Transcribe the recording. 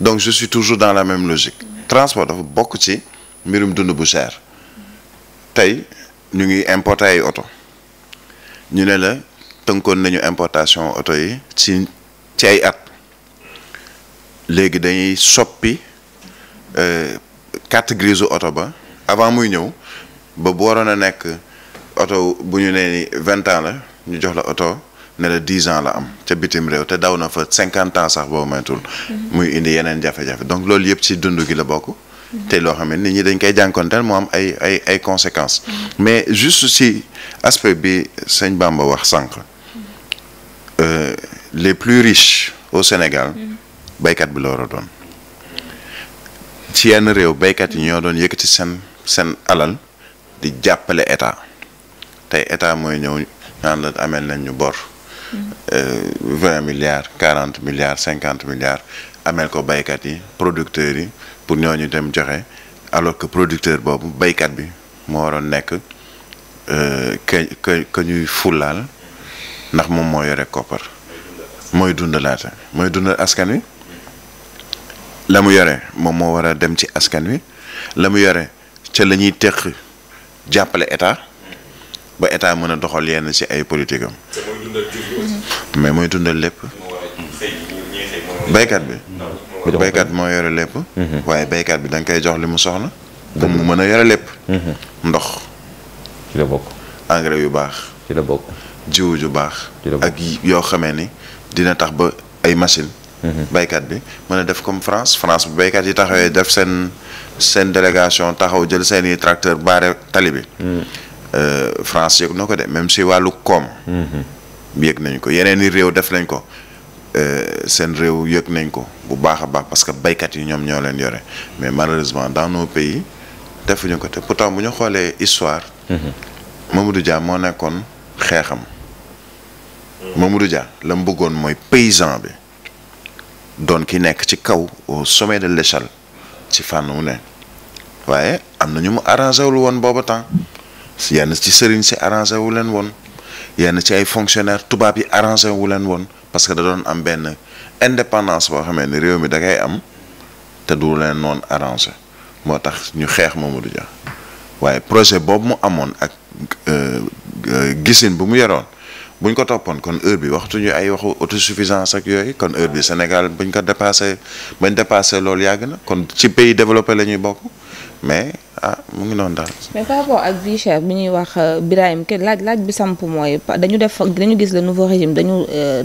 donc je suis toujours dans la même logique transport dafa bokk ci mbirum dund bu cher tey ñu ngi importer ay oto ñu ne la tënkoon nañu importation oto yi ci ci ay at léegi dañuy soppi carte euh, grise oto ba avant muy ñëw ba bu waroon a nekk oto bu ñu nee ni vingt ans la ñu jox la oto ne la dix ans la am ca bitim réew te daw na fa cinquante ans sax boobu moytul muy indi yeneen jafe-jafe donc loolu yëpp ci dundu gi la bokk te loo xam ne nit ñi dañ koy jànkonteel moo am ay ay ay conséquences mais juste ci aspect bi sëñ Bamba wax sànq euh, les plus riche au Sénégal baykat bi la a doon ci yenn réew baykat yi ñoo doon yëkkati seen seen alal di jàppale état tey état mooy ñëw naan la ameel nañ ñu bor Euh, vingt milliards quarante milliards cinquante milliards ameel ko baykat yi producteurs yi pour ñoo ñu dem joxe alors que producteur boobu baykat bi moo waroon nekk ka euh, ka ñuy fulaal ndax moom moo yore koppar mooy dundalaate mooy dund askan wi la mu yore moom moo war a dem ci askan wi la mu yore ca la ñuy teq jàppale état ba état mën a doxal yenn ci ay politique Mhm. mais mooy dundal lépp. baykat bi. baykat bi moo yore lépp. Mhm. waaye baykat bi da koy jox li mu soxla. Mhm. pour mu mën a yore lépp. ndox. ci yu baax. ci la bokk. jiw ju baax. ak yoo xamee ni dina tax ba ay machine baykat bi mën a def comme France France bu baykat yi taxawee def seen seen délégation taxaw jël seen i tracteur baare tali bi. Euh, France yëg na ko de même si wàllu koom. yëg nañ ko yeneen i réew def nañ ko euh, seen réew yëg nañ ko bu baax a baax parce que baykat yi ñoom ñoo leen yore mais malheureusement dans nos pays defuñu ko te pourtant bu ñu xoolee histoire. Mhm. Mamadou Dia moo nekkoon xeexam. Mamadou Dia la mu bëggoon mooy paysan bi doon ki nekk ci kaw au sommet de l'échelle ci fànn wu ne waaye am na ñu mu arrangé wul woon booba temps yenn ci sëriñ si arrangé wu leen woon. yenn ci ay fonctionnaire tubaab yi arrangé wu leen woon parce que da doon am benn indépendance boo xamee ni réew mi da ngay am te du leen noon arrangé moo tax ñu xeex Mamadou Dia waaye projet boobu mu amoon ak euh, euh, gisin bu mu yoroon buñ ko toppoon kon heure bi waxtuñu ay waxu autosuffisance ak yooyu kon heure bi Sénégal buñ ko dépassé bañ dépassé loolu yàgg na kon ci pays développé lañuy bokk mais ah mu ngi noonu daal. mais par rapport ak vie chère bi ñuy ke Birahim laaj laaj bi samp mooy dañu def dañu gis le nouveau régime dañu. Euh,